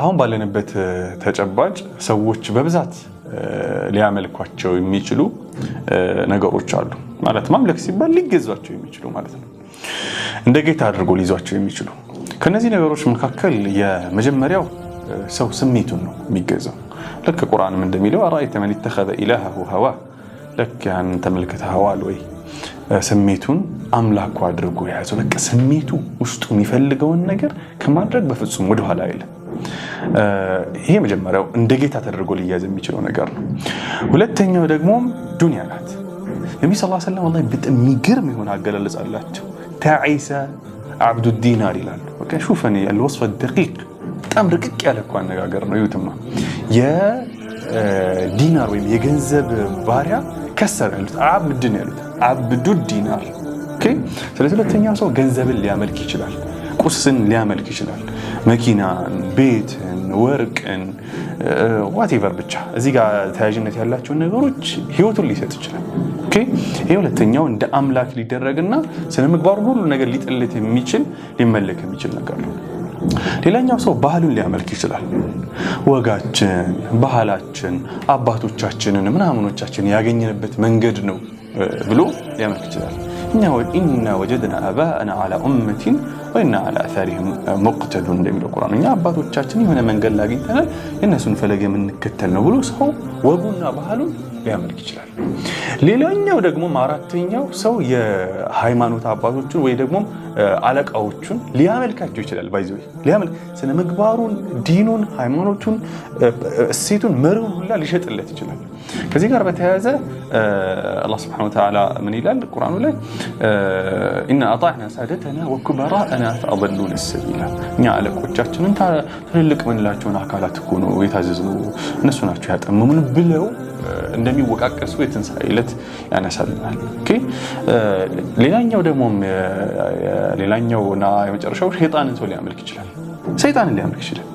አሁን ባለንበት ተጨባጭ ሰዎች በብዛት ሊያመልኳቸው የሚችሉ ነገሮች አሉ። ማለት ማምለክ ሲባል ሊገዟቸው የሚችሉ ማለት ነው። እንደ ጌታ አድርጎ ሊይዟቸው የሚችሉ ከነዚህ ነገሮች መካከል የመጀመሪያው ሰው ስሜቱን ነው የሚገዛው። ልክ ቁርአንም እንደሚለው አራአይተ መን ተኸዘ ኢላሁ ሀዋ፣ ልክ ያንን ተመልክተኸዋል ወይ? ስሜቱን አምላኩ አድርጎ የያዘው በቃ ስሜቱ ውስጡ የሚፈልገውን ነገር ከማድረግ በፍጹም ወደኋላ አይልም። ይሄ መጀመሪያው እንደ ጌታ ተደርጎ ሊያዝ የሚችለው ነገር ነው። ሁለተኛው ደግሞ ዱንያ ናት። ነቢዩ ሰለላሁ ሰለም ላ በጣም የሚገርም የሆነ አገላለጽ አላቸው። ተዒሳ አብዱ ዲናር ይላሉ። ሹፈን ልወስፈ ደቂቅ በጣም ርቅቅ ያለ እኮ አነጋገር ነው። ይሁትማ የዲናር ወይም የገንዘብ ባሪያ ከሰር ያሉት አብድን ያሉት አብዱ ዲናር። ስለዚህ ሁለተኛው ሰው ገንዘብን ሊያመልክ ይችላል። ቁስን ሊያመልክ ይችላል። መኪናን፣ ቤትን፣ ወርቅን ዋቴቨር ብቻ እዚህ ጋር ተያያዥነት ያላቸውን ነገሮች ህይወቱን ሊሰጥ ይችላል። ይህ ሁለተኛው እንደ አምላክ ሊደረግና ስነ ምግባሩን ሁሉ ነገር ሊጥልት የሚችል ሊመለክ የሚችል ነገር ነው። ሌላኛው ሰው ባህሉን ሊያመልክ ይችላል። ወጋችን፣ ባህላችን፣ አባቶቻችንን ምናምኖቻችን ያገኘንበት መንገድ ነው ብሎ ሊያመልክ ይችላል። ኢና ወጀድና አባአና አላ ኡመቲን ወኢና አላ አሳሪህም ሙቅተዱን እንደሚለው ቁርአን፣ እኛ አባቶቻችን የሆነ መንገድ ላግኝተናል የእነሱን ፈለግ የምንከተል ነው ብሎ ሰው ወጉና ባህሉን ሊያመልክ ይችላል። ሌላኛው ደግሞ አራተኛው ሰው የሃይማኖት አባቶችን ወይ ደግሞ አለቃዎቹን ሊያመልካቸው ይችላል። ባይዘ ሊያመልክ ስነ ምግባሩን፣ ዲኑን፣ ሃይማኖቱን፣ እሴቱን መርህ ሁላ ሊሸጥለት ይችላል። ከዚህ ጋር በተያያዘ አላህ ስብሐነሁ ወተዓላ ምን ይላል ቁርአኑ ላይ ኢና አጣዕና ሳደተና ወኩበራእና ፈአበሉን ሰቢላ። እኛ አለቆቻችንን ትልልቅ ምንላቸውን አካላት እኮ ነው የታዘዝነው እነሱ ናቸው ያጠመሙን ብለው እንደ ስለሚወቃቀሱ የትንሣኤ ዕለት ያነሳልናል። ሌላኛው ደግሞ ሌላኛውና የመጨረሻው ሸይጣንን ሰው ሊያመልክ ይችላል። ሰይጣንን ሊያመልክ ይችላል።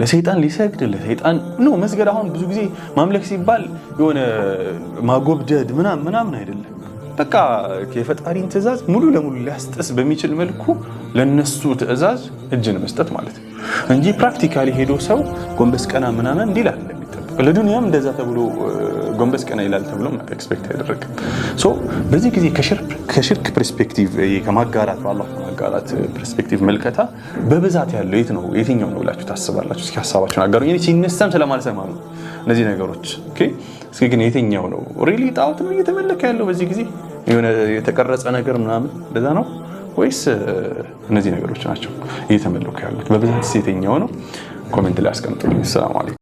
ለሰይጣን ሊሰግድ ለሰይጣን ኖ መስገድ። አሁን ብዙ ጊዜ ማምለክ ሲባል የሆነ ማጎብደድ ምናምን ምናምን አይደለም። በቃ የፈጣሪን ትእዛዝ ሙሉ ለሙሉ ሊያስጥስ በሚችል መልኩ ለነሱ ትእዛዝ እጅን መስጠት ማለት ነው እንጂ ፕራክቲካሊ ሄዶ ሰው ጎንበስ ቀና ምናምን እንዲል ለዱንያም እንደዛ ተብሎ ጎንበስ ቀና ይላል ተብሎ ኤክስፔክት አይደረግም። ሶ በዚህ ጊዜ ከሽርክ ፐርስፔክቲቭ ከማጋራት በአላህ ከማጋራት ፐርስፔክቲቭ መልከታ በብዛት ያለው የት ነው የትኛው ነው ብላችሁ ታስባላችሁ? እስኪ ሀሳባችሁን አጋሩ። ሲነሳም ስለማልሰማ ነው እነዚህ ነገሮች። እስኪ ግን የትኛው ነው ሪሊ ጣዖት ነው እየተመለከ ያለው በዚህ ጊዜ የሆነ የተቀረጸ ነገር ምናምን እንደዛ ነው ወይስ እነዚህ ነገሮች ናቸው እየተመለኩ ያሉት? በብዛት የትኛው ነው? ኮሜንት ላይ አስቀምጡልኝ። ሰላም አለይኩም።